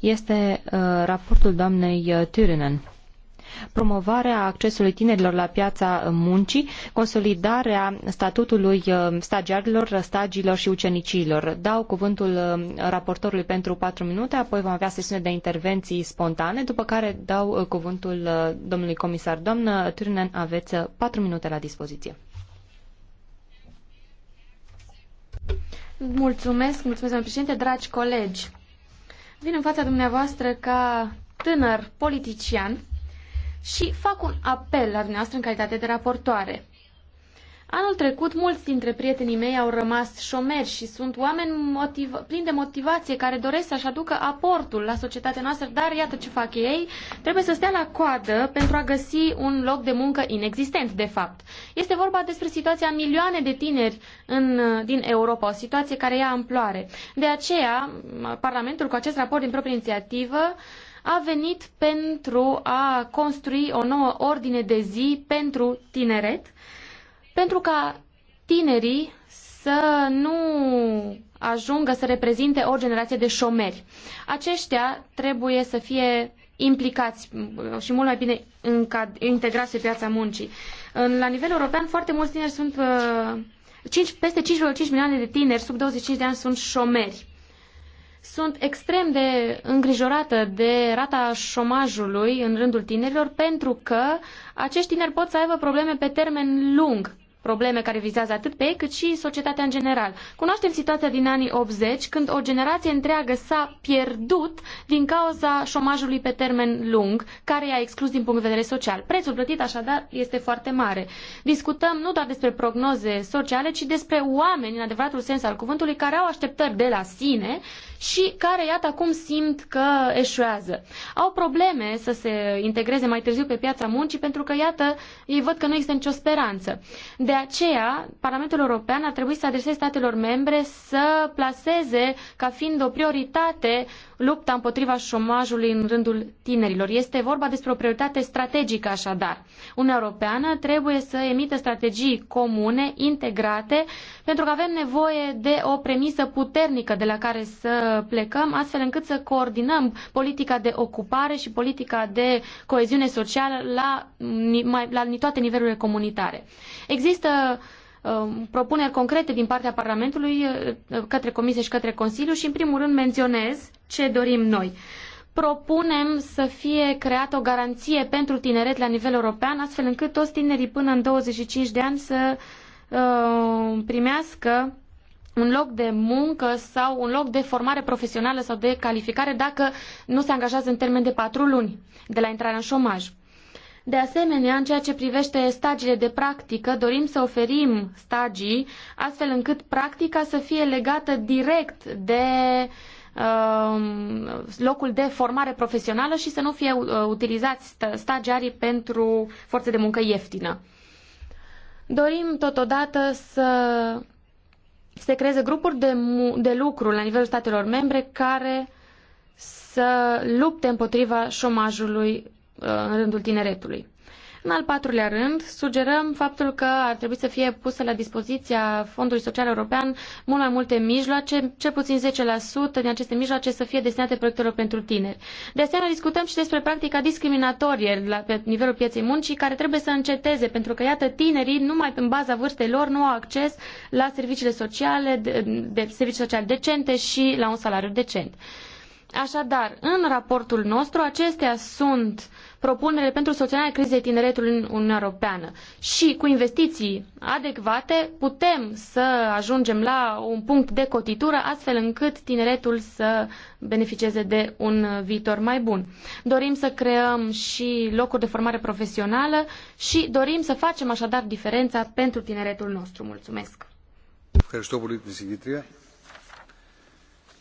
este uh, raportul doamnei uh, Tyrinen. Promovarea accesului tinerilor la piața muncii, consolidarea statutului uh, stagiarilor, stagiilor și ucenicilor. Dau cuvântul raportorului pentru patru minute, apoi vom avea sesiune de intervenții spontane, după care dau cuvântul domnului comisar. Doamnă Turnen, aveți patru minute la dispoziție. Mulțumesc, mulțumesc, domnule președinte, dragi colegi. Vin în fața dumneavoastră ca tânăr politician și fac un apel la dumneavoastră în calitate de raportoare. Anul trecut, mulți dintre prietenii mei au rămas șomeri și sunt oameni motiv- plini de motivație care doresc să-și aducă aportul la societatea noastră, dar iată ce fac ei, trebuie să stea la coadă pentru a găsi un loc de muncă inexistent, de fapt. Este vorba despre situația milioane de tineri în, din Europa, o situație care ia amploare. De aceea, Parlamentul, cu acest raport din proprie inițiativă, a venit pentru a construi o nouă ordine de zi pentru tineret, pentru ca tinerii să nu ajungă să reprezinte o generație de șomeri. Aceștia trebuie să fie implicați și mult mai bine integrați pe piața muncii. La nivel european, foarte mulți tineri sunt, 5, uh, peste 5,5 milioane de tineri sub 25 de ani sunt șomeri. Sunt extrem de îngrijorată de rata șomajului în rândul tinerilor pentru că acești tineri pot să aibă probleme pe termen lung probleme care vizează atât pe ei cât și societatea în general. Cunoaștem situația din anii 80 când o generație întreagă s-a pierdut din cauza șomajului pe termen lung care i-a exclus din punct de vedere social. Prețul plătit așadar este foarte mare. Discutăm nu doar despre prognoze sociale, ci despre oameni în adevăratul sens al cuvântului care au așteptări de la sine și care, iată, acum simt că eșuează. Au probleme să se integreze mai târziu pe piața muncii pentru că, iată, ei văd că nu există nicio speranță. De aceea, Parlamentul European ar trebui să adreseze statelor membre să plaseze ca fiind o prioritate lupta împotriva șomajului în rândul tinerilor. Este vorba despre o prioritate strategică, așadar. Uniunea Europeană trebuie să emită strategii comune, integrate, pentru că avem nevoie de o premisă puternică de la care să plecăm, astfel încât să coordinăm politica de ocupare și politica de coeziune socială la, mai, la toate nivelurile comunitare. Există um, propuneri concrete din partea Parlamentului uh, către Comisie și către Consiliu și, în primul rând, menționez ce dorim noi propunem să fie creată o garanție pentru tineret la nivel european, astfel încât toți tinerii până în 25 de ani să uh, primească un loc de muncă sau un loc de formare profesională sau de calificare dacă nu se angajează în termen de patru luni de la intrarea în șomaj. De asemenea, în ceea ce privește stagiile de practică, dorim să oferim stagii astfel încât practica să fie legată direct de uh, locul de formare profesională și să nu fie uh, utilizați stagiarii pentru forțe de muncă ieftină. Dorim totodată să se creeze grupuri de, de lucru la nivelul statelor membre care să lupte împotriva șomajului uh, în rândul tineretului. În al patrulea rând, sugerăm faptul că ar trebui să fie pusă la dispoziția Fondului Social European mult mai multe mijloace, cel puțin 10% din aceste mijloace să fie destinate proiectelor pentru tineri. De asemenea, discutăm și despre practica discriminatorie la pe nivelul pieței muncii, care trebuie să înceteze, pentru că, iată, tinerii, numai în baza vârstei lor, nu au acces la serviciile sociale, de, de servicii sociale decente și la un salariu decent. Așadar, în raportul nostru, acestea sunt propunerile pentru soluționarea crizei tineretului în Uniunea Europeană. Și cu investiții adecvate putem să ajungem la un punct de cotitură astfel încât tineretul să beneficieze de un viitor mai bun. Dorim să creăm și locuri de formare profesională și dorim să facem așadar diferența pentru tineretul nostru. Mulțumesc! Mulțumesc.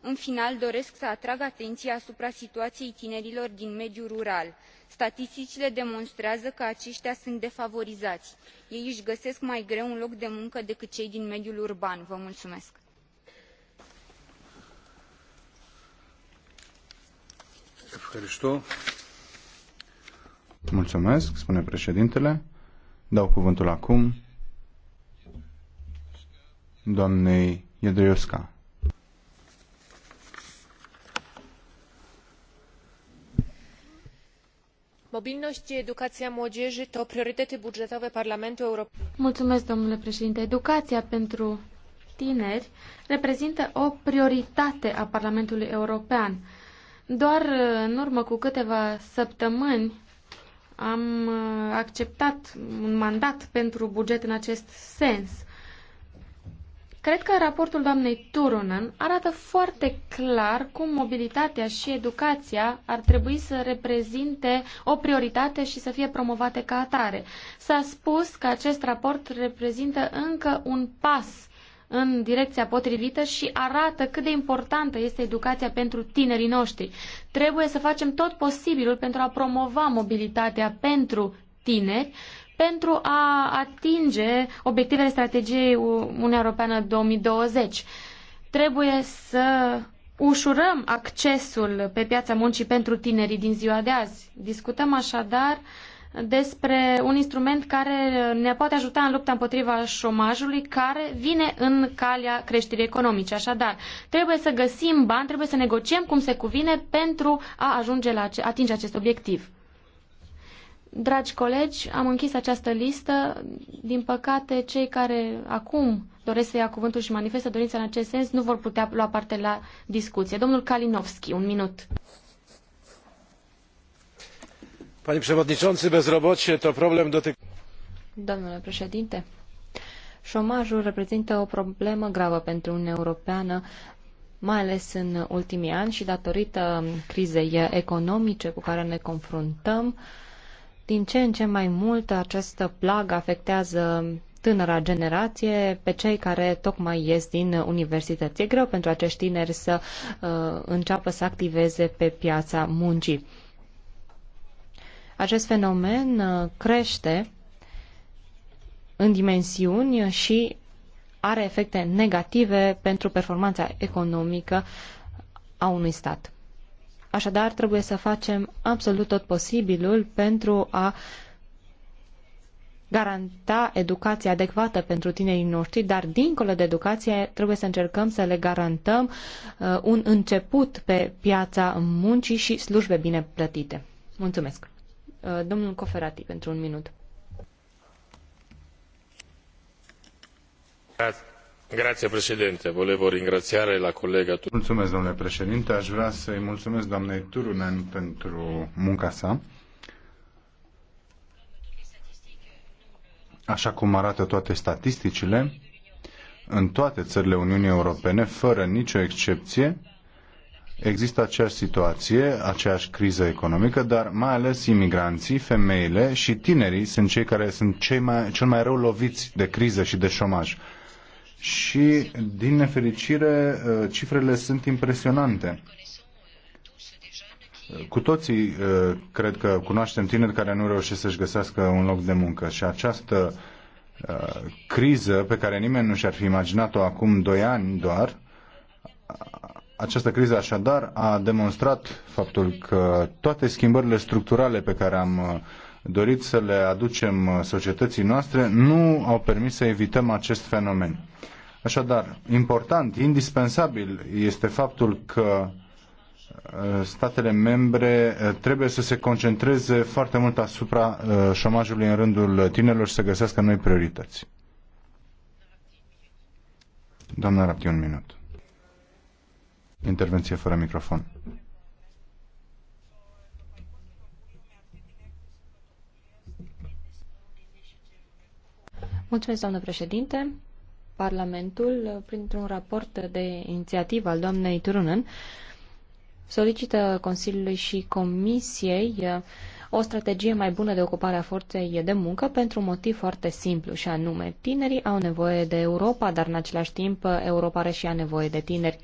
în final doresc să atrag atenia asupra situaiei tinerilor din mediul rural statisticile demonstrează că acetia sunt defavorizai ei îi găsesc mai greu un loc de muncă decât cei din mediul urban. Mulțumesc, spune președintele. cuvântul acum mobilność i educația młodzieży to priorytety budżetowe Parlamentu Europejskiego. Mulțumesc, domnule președinte. Educația pentru tineri reprezintă o prioritate a Parlamentului European. Doar uh, în urmă cu câteva săptămâni am uh, acceptat un mandat pentru buget în acest sens. Cred că raportul doamnei Turunen arată foarte clar cum mobilitatea și educația ar trebui să reprezinte o prioritate și să fie promovate ca atare. S-a spus că acest raport reprezintă încă un pas în direcția potrivită și arată cât de importantă este educația pentru tinerii noștri. Trebuie să facem tot posibilul pentru a promova mobilitatea pentru tineri pentru a atinge obiectivele strategiei Uniunea Europeană 2020. Trebuie să ușurăm accesul pe piața muncii pentru tinerii din ziua de azi. Discutăm așadar despre un instrument care ne poate ajuta în lupta împotriva șomajului care vine în calea creșterii economice. Așadar, trebuie să găsim bani, trebuie să negociem cum se cuvine pentru a ajunge la atinge acest obiectiv. Dragi colegi, am închis această listă. Din păcate, cei care acum doresc să ia cuvântul și manifestă dorința în acest sens nu vor putea lua parte la discuție. Domnul Kalinowski, un minut. Panie przewodniczący, bezrobocie to problem dotyk... Domnule președinte, șomajul reprezintă o problemă gravă pentru Uniunea Europeană, mai ales în ultimii ani și datorită crizei economice cu care ne confruntăm, uh, din ce în ce mai mult această plagă afectează tânăra generație, pe cei care tocmai ies din universități. E greu pentru acești tineri să uh, înceapă să activeze pe piața muncii. Acest fenomen uh, crește în dimensiuni și are efecte negative pentru performanța economică a unui stat. Așadar, trebuie să facem absolut tot posibilul pentru a garanta educație adecvată pentru tinerii noștri, dar dincolo de educație trebuie să încercăm să le garantăm uh, un început pe piața muncii și slujbe bine plătite. Mulțumesc. Uh, domnul Coferati, pentru un minut. Grazie. Mulțumesc, președinte. Aș vrea să îi mulțumesc doamnei Turunen pentru munca sa. Așa cum arată toate statisticile, în toate țările Uniunii Europene, fără nicio excepție, există aceeași situație, aceeași criză economică, dar mai ales imigranții, femeile și tinerii sunt cei care sunt cei mai, cel mai rău loviți de criză și de șomaj și, din nefericire, uh, cifrele sunt impresionante. Cu toții uh, cred că cunoaștem tineri care nu reușesc să-și găsească un loc de muncă și această uh, criză pe care nimeni nu și-ar fi imaginat-o acum doi ani doar, această criză așadar a demonstrat faptul că toate schimbările structurale pe care am dorit să le aducem uh, societății noastre nu au permis să evităm acest fenomen. Așadar, important, indispensabil este faptul că uh, statele membre uh, trebuie să se concentreze foarte mult asupra șomajului în rândul tinerilor și să găsească noi priorități. Doamna Rapti, un minut. Intervenție fără microfon. Mulțumesc, doamnă președinte. Parlamentul, printr-un raport de inițiativă al doamnei Turunen, solicită Consiliului și Comisiei uh, o strategie mai bună de ocupare a forței de muncă pentru un motiv foarte simplu și anume tinerii au nevoie de Europa, dar în același timp uh, Europa are și ea nevoie de tineri.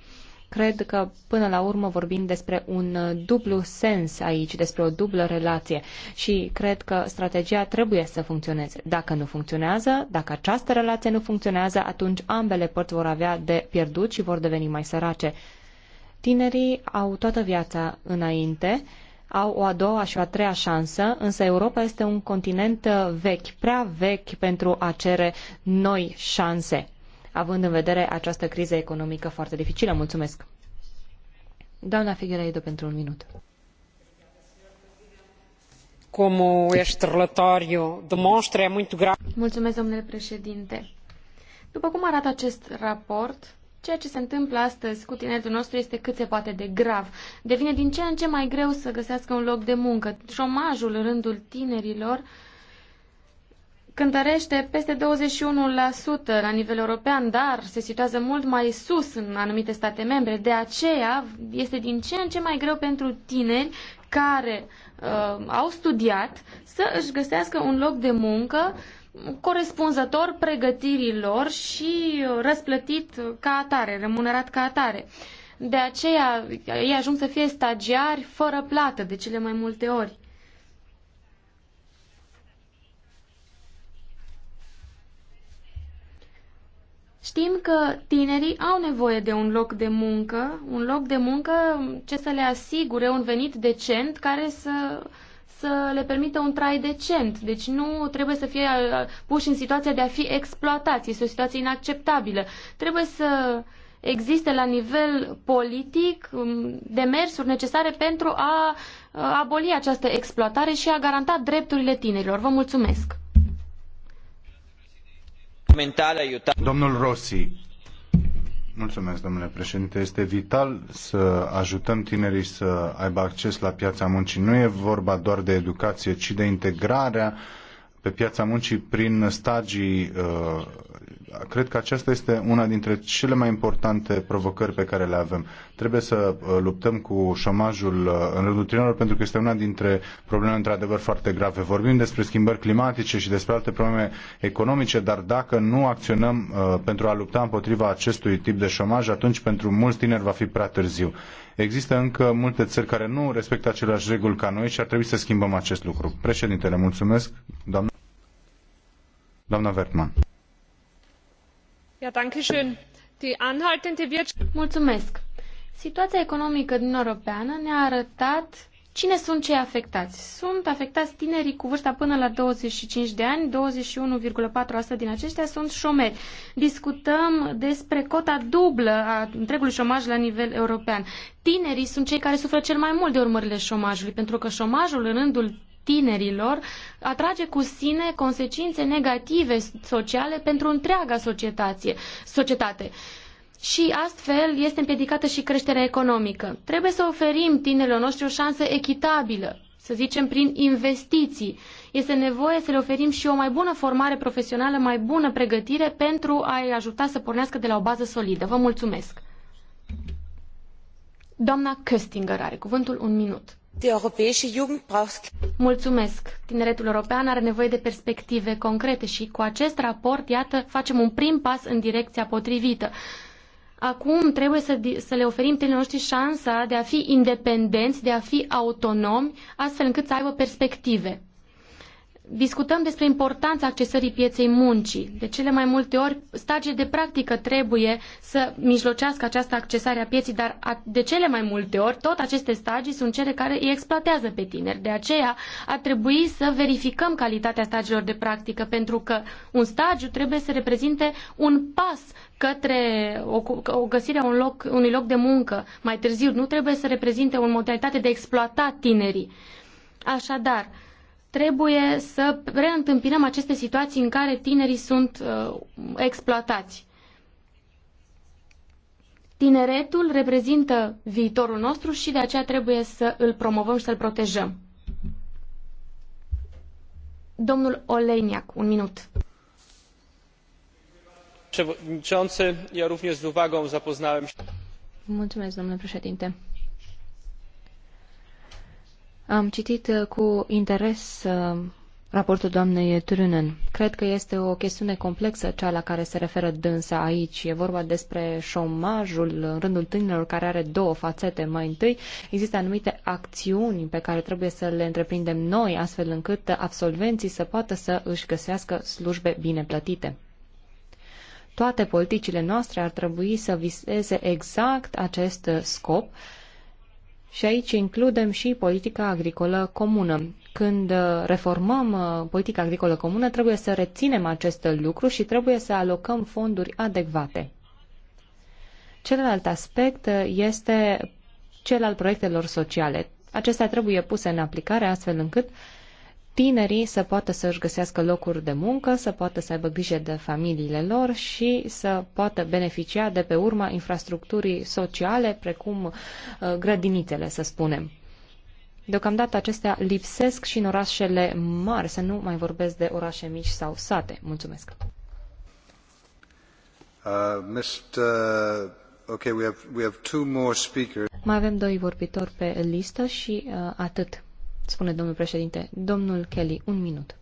Cred că până la urmă vorbim despre un uh, dublu sens aici, despre o dublă relație și cred că strategia trebuie să funcționeze. Dacă nu funcționează, dacă această relație nu funcționează, atunci ambele părți vor avea de pierdut și vor deveni mai sărace. Tinerii au toată viața înainte, au o a doua și o a treia șansă, însă Europa este un continent uh, vechi, prea vechi pentru a cere noi șanse având în vedere această criză economică foarte dificilă. Mulțumesc! Doamna Figueiredo, pentru un minut. Cum este relatório muito grave. Mulțumesc, domnule președinte. După cum arată acest raport, ceea ce se întâmplă astăzi cu tinerul nostru este cât se poate de grav. Devine din ce în ce mai greu să găsească un loc de muncă. Șomajul în rândul tinerilor uh, cântărește peste 21% la nivel european, dar se situează mult mai sus în anumite state membre. De aceea este din ce în ce mai greu pentru tineri care uh, au studiat să își găsească un loc de muncă corespunzător pregătirii lor și răsplătit ca atare, remunerat ca atare. De aceea ei ajung să fie stagiari fără plată de cele mai multe ori. Știm că tinerii au nevoie de un loc de muncă, un loc de muncă ce să le asigure un venit decent care să, să le permită un trai decent. Deci nu trebuie să fie uh, puși în situația de a fi exploatați. Este o situație inacceptabilă. Trebuie să existe la nivel politic um, demersuri necesare pentru a uh, aboli această exploatare și a garanta drepturile tinerilor. Vă mulțumesc! Domnul Rossi. Mulțumesc, domnule președinte. Este vital să ajutăm tinerii să aibă acces la piața muncii. Nu e vorba doar de educație, ci de integrarea pe piața muncii prin stagii uh, cred că aceasta este una dintre cele mai importante provocări pe care le avem. Trebuie să uh, luptăm cu șomajul uh, în rândul tinerilor pentru că este una dintre problemele într-adevăr foarte grave. Vorbim despre schimbări climatice și despre alte probleme economice, dar dacă nu acționăm uh, pentru a lupta împotriva acestui tip de șomaj, atunci pentru mulți tineri va fi prea târziu. Există încă multe țări care nu respectă aceleași reguli ca noi și ar trebui să schimbăm acest lucru. Președintele, mulțumesc. Doamna, doamna Vertman. Situația economică din Europeană ne-a arătat cine sunt cei afectați. Sunt afectați tinerii cu vârsta până la 25 de ani, 21,4% din aceștia sunt șomeri. Discutăm despre cota dublă a întregului șomaj la nivel european. Tinerii sunt cei care suferă cel mai mult de urmările șomajului, pentru că șomajul în rândul tinerilor atrage cu sine consecințe negative sociale pentru întreaga societate. și astfel este împiedicată și creșterea economică. Trebuie să oferim tinerilor noștri o șansă echitabilă, să zicem prin investiții. Este nevoie să le oferim și o mai bună formare profesională, mai bună pregătire pentru a-i ajuta să pornească de la o bază solidă. Vă mulțumesc! Doamna Köstinger are cuvântul un minut. Mulțumesc. Tineretul european are nevoie de perspective concrete și cu acest raport, iată, facem un prim pas în direcția potrivită. Acum trebuie să, să le oferim tinerilor noștri șansa de a fi independenți, de a fi autonomi, astfel încât să aibă perspective discutăm despre importanța accesării pieței muncii. De cele mai multe ori, stagiile de practică trebuie să mijlocească această accesare a pieții, dar de cele mai multe ori, tot aceste stagii sunt cele care îi exploatează pe tineri. De aceea, ar trebui să verificăm calitatea stagiilor de practică, pentru că un stagiu trebuie să reprezinte un pas către o, o găsirea un loc, unui loc de muncă mai târziu. Nu trebuie să reprezinte o modalitate de a exploata tinerii. Așadar, trebuie să reîntâmpinăm aceste situații în care tinerii sunt uh, exploatați. Tineretul reprezintă viitorul nostru și de aceea trebuie să îl promovăm și să-l protejăm. Domnul Oleniac, un minut. Mulțumesc, domnule președinte. Am citit uh, cu interes uh, raportul doamnei Turunen. Cred că este o chestiune complexă cea la care se referă dânsa aici. E vorba despre șomajul în rândul tinerilor care are două fațete. Mai întâi, există anumite acțiuni pe care trebuie să le întreprindem noi, astfel încât absolvenții să poată să își găsească slujbe bine plătite. Toate politicile noastre ar trebui să viseze exact acest scop, și aici includem și politica agricolă comună. Când uh, reformăm uh, politica agricolă comună, trebuie să reținem acest lucru și trebuie să alocăm fonduri adecvate. Celălalt aspect uh, este cel al proiectelor sociale. Acestea trebuie puse în aplicare astfel încât uh, tinerii să poată să-și găsească locuri de muncă, să poată să aibă grijă de familiile lor și să poată beneficia de pe urma infrastructurii sociale, precum uh, grădinițele, să spunem. Deocamdată acestea lipsesc și în orașele mari, să nu mai vorbesc de orașe mici sau sate. Mulțumesc. Uh, Mr... okay, we have, we have two more speakers. Mai avem doi vorbitori pe listă și uh, atât spune domnul președinte. Domnul Kelly, un minut.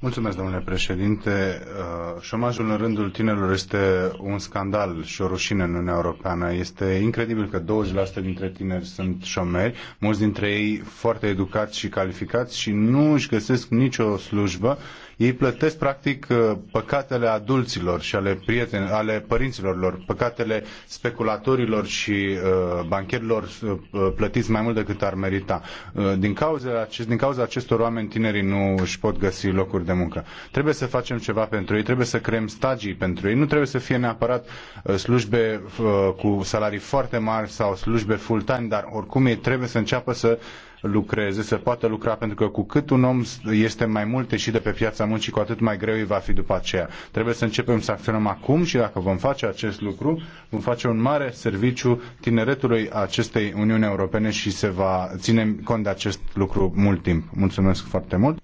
Mulțumesc, domnule președinte. Uh, șomajul în rândul tinerilor este un scandal și o rușine în Uniunea Europeană. Este incredibil că 20% dintre tineri sunt șomeri, mulți dintre ei foarte educați și calificați și nu își găsesc nicio slujbă ei plătesc practic uh, păcatele adulților și ale, prieten, ale părinților lor, păcatele speculatorilor și uh, bancherilor uh, plătiți mai mult decât ar merita. Uh, din, cauza acest, din cauza acestor oameni tinerii nu își pot găsi locuri de muncă. Trebuie să facem ceva pentru ei, trebuie să creăm stagii pentru ei, nu trebuie să fie neapărat uh, slujbe uh, cu salarii foarte mari sau slujbe full-time, dar oricum ei trebuie să înceapă să lucreze, să poată lucra, pentru că cu cât un om este mai mult ieșit de pe piața muncii, cu atât mai greu îi va fi după aceea. Trebuie să începem să acționăm acum și dacă vom face acest lucru, vom face un mare serviciu tineretului acestei Uniuni Europene și se va ține cont de acest lucru mult timp. Mulțumesc foarte mult.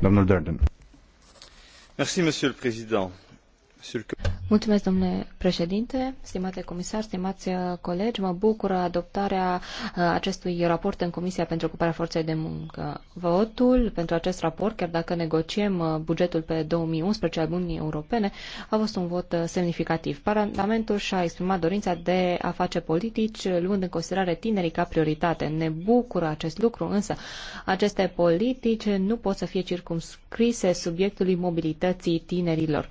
Domnul Durden. Merci, monsieur le président. Monsieur le... Mulțumesc, domnule președinte, stimate comisar, stimați uh, colegi. Mă bucură adoptarea uh, acestui raport în Comisia pentru Ocuparea Forței de Muncă. Votul pentru acest raport, chiar dacă negociem uh, bugetul pe 2011 al Uniunii Europene, a fost un vot semnificativ. Parlamentul și-a exprimat dorința de a face politici, luând în considerare tinerii ca prioritate. Ne bucură acest lucru, însă aceste politici nu pot să fie circumscrise subiectului mobilității tinerilor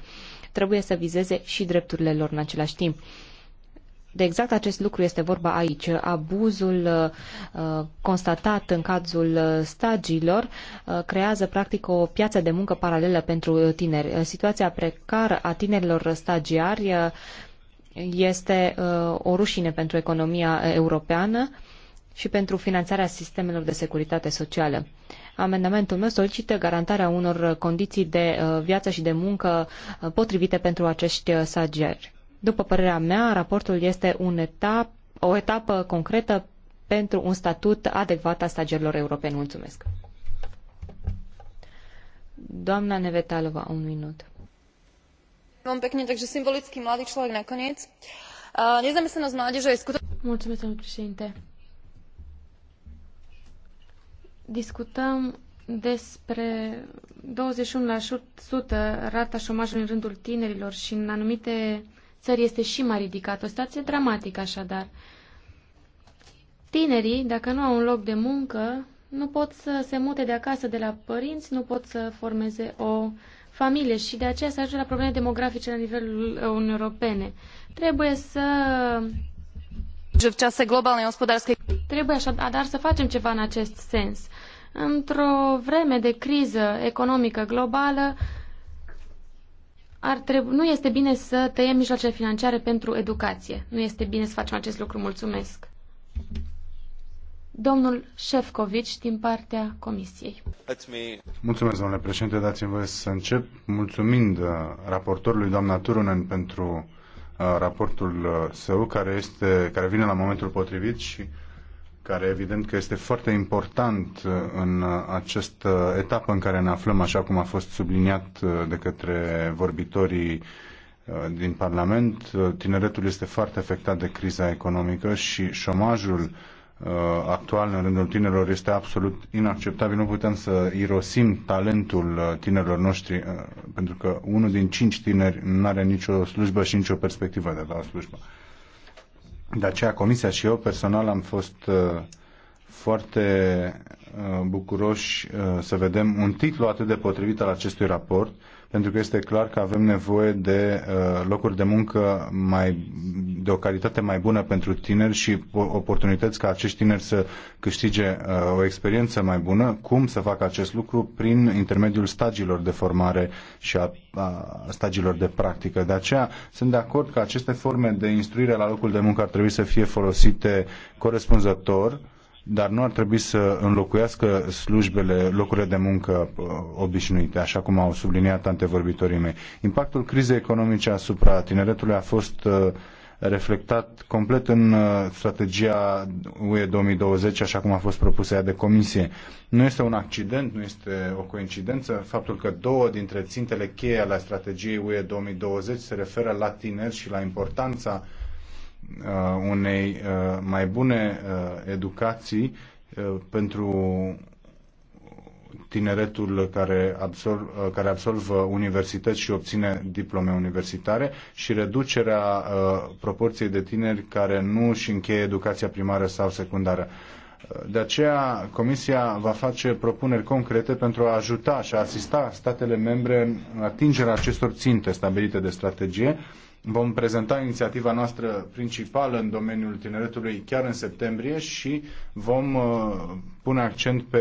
trebuie să vizeze și drepturile lor în același timp. De exact acest lucru este vorba aici. Abuzul uh, uh constatat în cazul uh, stagiilor uh, creează practic o piață de muncă paralelă pentru tineri. Uh, situația precară a tinerilor stagiari uh, este o rușine pentru economia europeană și pentru finanțarea sistemelor de securitate socială. Uh, Amendamentul meu solicită garantarea unor condiții de uh, viață și de muncă uh, potrivite pentru acești uh, stagiari. După părerea mea, raportul este un etap, o etapă concretă pentru un statut adecvat a stagiarilor europeni. Mulțumesc. Doamna Nevetalova, un minut. Veľmi pekne, takže symbolicky mladý nakoniec. Nezamestnanosť Mulțumesc, domnul președinte discutăm despre 21% rata șomajului în rândul tinerilor și în anumite țări este și mai ridicată. O situație dramatică așadar. Tinerii, dacă nu au un loc de muncă, nu pot să se mute de acasă de la părinți, nu pot să formeze o familie și de aceea se ajunge la probleme demografice la nivelul Uniunii Europene. Trebuie să v čase globálnej hospodárskej... Trebuie așadar să facem ceva în acest sens. Într-o vreme de criză economică globală, ar nu este bine să tăiem mijloacele financiare pentru educație. Nu este bine să facem acest lucru. Mulțumesc. Domnul Șefcovici, din partea Comisiei. Mulțumesc, domnule președinte. Dați-mi voie să încep mulțumind uh, raportorului, doamna Turunen, pentru raportul uh, său care, este, care vine la momentul potrivit și care evident că este foarte important uh, în uh, această etapă în care ne aflăm, așa cum a fost subliniat de către vorbitorii din Parlament. Tineretul este foarte afectat de criza economică și șomajul Uh, actual în rândul tinerilor este absolut inacceptabil. Nu putem să irosim talentul uh, tinerilor noștri, uh, pentru că unul din cinci tineri nu are nicio slujbă și nicio perspectivă de a o slujbă. De aceea Comisia și eu personal am fost foarte uh, bucuroși uh, să vedem un titlu atât de potrivit al acestui raport, pentru că este clar că avem nevoie de uh, locuri de muncă mai, de o calitate mai bună pentru tineri și oportunități ca acești tineri să câștige o experiență mai bună. Cum să facă acest lucru? Prin intermediul stagiilor de formare și a, a stagiilor de practică. De aceea sunt de acord că aceste forme de instruire la locul de muncă ar trebui să fie folosite corespunzător dar nu ar trebui să înlocuiască slujbele, locurile de muncă uh, obișnuite, așa cum au subliniat antevorbitorii mei. Impactul crizei economice asupra tineretului a fost uh, reflectat complet în uh, strategia UE 2020, așa cum a fost propusă ea de comisie. Nu este un accident, nu este o coincidență faptul că două dintre țintele cheie ale strategiei UE 2020 se referă la tineri și la importanța uh, Uh, unei uh, mai bune uh, educații pentru tineretul care, absolv, care absolvă universități și obține diplome universitare și reducerea uh, proporției de tineri care nu își încheie educația primară sau secundară. De aceea, Comisia va face propuneri concrete pentru a ajuta și a asista statele membre în atingerea acestor ținte stabilite de strategie Vom prezenta inițiativa noastră principală în domeniul tineretului chiar în septembrie și vom uh, pune accent pe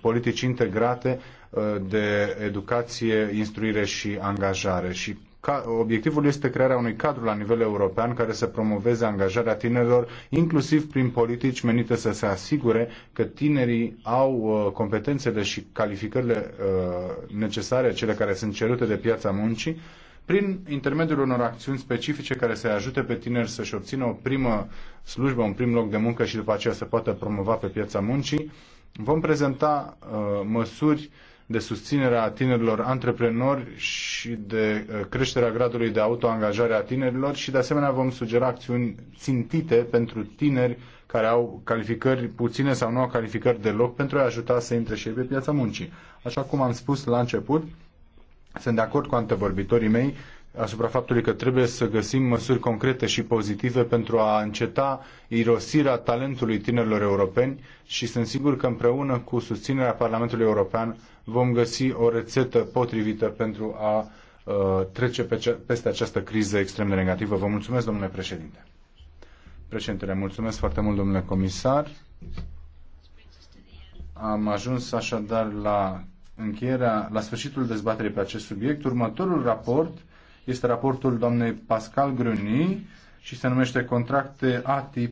politici integrate uh, de educație, instruire și angajare. Și obiectivul este crearea unui cadru la nivel european care să promoveze angajarea tinerilor, inclusiv prin politici menite să se asigure că tinerii au uh, competențele și calificările necesare, cele care sunt cerute de piața muncii, prin intermediul unor acțiuni specifice care să-i ajute pe tineri să-și obțină o primă slujbă, un prim loc de muncă și după aceea să poată promova pe piața muncii, vom prezenta uh, măsuri de susținere a tinerilor antreprenori și de uh, creșterea gradului de autoangajare a tinerilor și de asemenea vom sugera acțiuni țintite pentru tineri care au calificări puține sau nu au calificări deloc pentru a ajuta să intre și ei pe piața muncii. Așa cum am spus la început, sunt de acord cu antevorbitorii mei asupra faptului că trebuie să găsim măsuri concrete și pozitive pentru a înceta irosirea talentului tinerilor europeni și sunt sigur că împreună cu susținerea Parlamentului European vom găsi o rețetă potrivită pentru a uh, trece pe ce- peste această criză extrem de negativă. Vă mulțumesc, domnule președinte. Președintele, mulțumesc foarte mult, domnule comisar. Am ajuns așadar la încheierea, la sfârșitul dezbaterii pe acest subiect, următorul raport este raportul doamnei Pascal Gruny și se numește Contracte ATIP